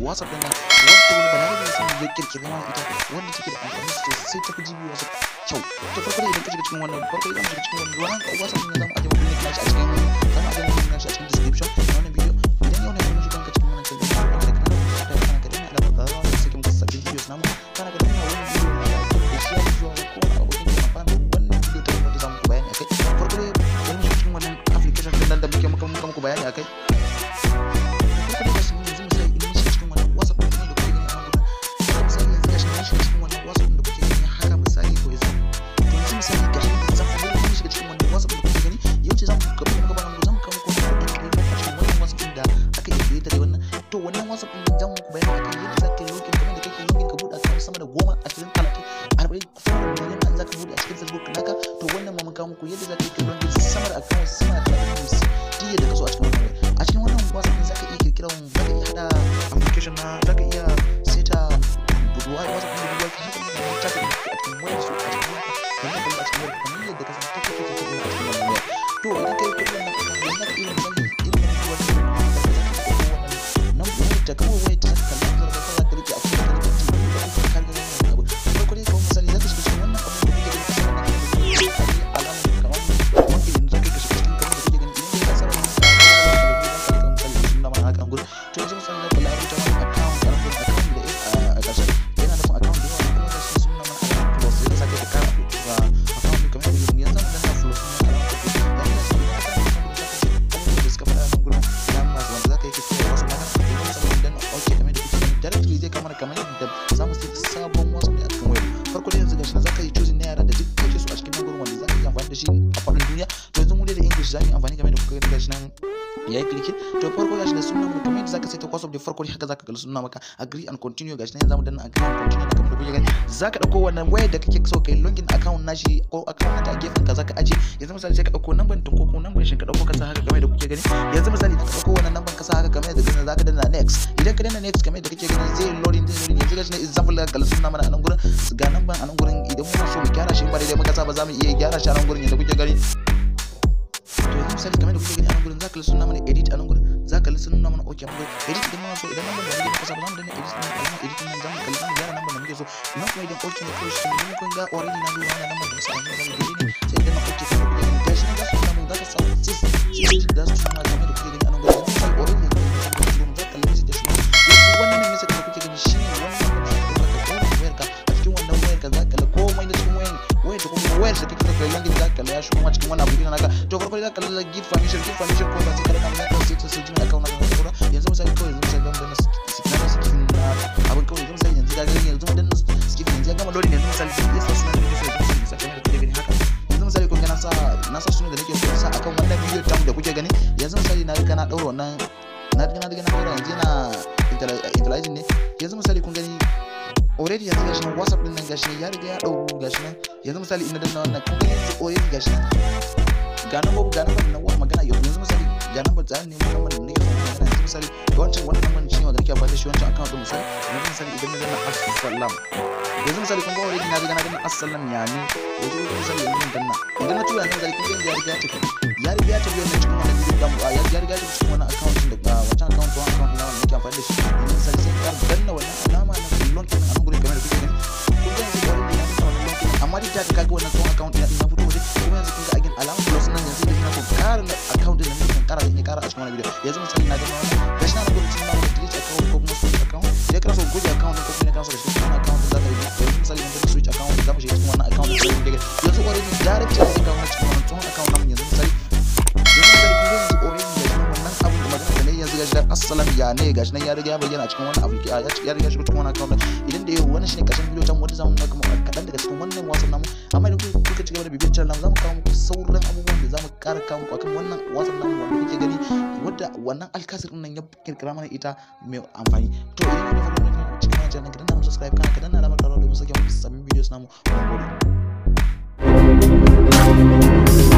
whatsapp ɗin nan wanda wani balarabe sun ya kirkiri mana ita wanda take da amfani sosai ta fi jibi wasu kyau to farko idan ka shiga cikin wannan farko idan ka shiga cikin wannan wannan whatsapp ɗin nan zamu ajiye muku link nashi a cikin zamu ajiye muku kuma nashi a cikin description na wannan bidiyo idan yau ne kun shiga cikin wannan channel da kana da kana da kana a ba za mu sake muku sabbin videos namu kana da a wannan bidiyo na like da share zuwa ga kowa abokin da amfani da wannan bidiyo ta mu da zamu bayani akai farko idan mun shiga cikin wannan application ɗin da muke muka muku bayani to wannan whatsapp din zan muku bayani akan yadda za ka yi login kamar da kake login ka buɗe account sama da goma ashirin talatin arba'in kowane miliyan an za ka buɗe a cikin facebook naka to wannan ma muka muku yadda za ka yi login sama da account sama da talatin da sittin da ka a cikin wannan a cikin wannan whatsapp din za ka iya kirkirar za ka iya haɗa application na shi faɗin duniya to yanzu mu dai da english zamu yi amfani game da kuka gani gashi nan yayi click to farko gashi da sunan mu kamar zaka sai ta course of the farko haka zaka ga sunan maka agree and continue gashi nan zamu danna agree and continue da kamar da gani zaka dauko wannan waya da kake so kai login account nashi ko account ta gefen ka zaka aje yanzu misali sai ka dauko number din ko kuma number shin ka dauko ka sa haka game da kuke gani yanzu misali ka dauko wannan number ka sa haka game da gani zaka danna next idan ka danna next game da kake gani zai loading din ne yanzu gashi nan example ga sunan mana a nan gurin ga number a nan gyara shi a gurin yadda kuke gani to yanzu misali kamar da kuke gani a gurin za lissu nuna mana edit a gurin za lissu nuna mana ok mun edit idan muna so idan nan da muke kasa ba za danna edit nan kuma edit nan za kalli zamu gyara nan da muke so ina kuma idan ok ne ko shi mun kun ga already na duba wannan nan da muke so amma za mu sai idan na ok ta kuma shi na za su nuna mun za ka samu sis sis za su nuna kamar da kuke gani a nan gurin already wani abu irin haka to farko dai zaka permission git permission ko ba ka ko sai su jima account naka ka yanzu kawai yanzu yanzu yanzu yanzu yanzu yanzu ne sai gani haka yanzu sa na sa sunan da nake so sa akan wannan video da kuke gani yanzu na na na na yanzu na ne yanzu kun gani already yanzu gashi nan whatsapp din nan gashi nan ya riga ya gashi nan yanzu misali ina danna wannan kun gani yanzu already gashi nan ga nan ga nan na wani magana yau yanzu misali ga nan tsarin ne mun nan ne magana yanzu misali ga wancan wannan nan shi wanda nake amfani da shi wancan account din misali yanzu misali idan na danna assalam yanzu misali kun ga already na riga na danna assalam ya ne yanzu misali yanzu mun danna idan na tura yanzu misali kun gani ya riga ya tafi ya riga ya tafi wannan cikin wannan gidan ba mu ya riga ya tafi cikin wannan account din da ah, wancan account wannan account na nake amfani shi want to be there. He doesn't tell me like that's not a good thing. ook delete account, open switch account. Check out good account, open account, so switch account, that they do. They een switch account, that was just one account. You have to already direct ya ne gashi nan ya riga ya bayyana cikin wannan abu ya riga shiga cikin wannan kamar idan da yau wannan shine kashin bidiyo ta mu wanda zamu kuma kadan daga cikin wannan wasan namu amma idan kuka ci gaba da bibiyar channel zamu kawo muku sauran abubuwan da zamu kara kawo muku akan wannan wasan namu wanda kuke gani wadda wannan alkasir nan ya kirkira mana ita mai amfani to idan ka fara wannan cikin wannan channel kadan na mu subscribe kana ka na alamar karo domin sake mu sabbin videos namu mu gode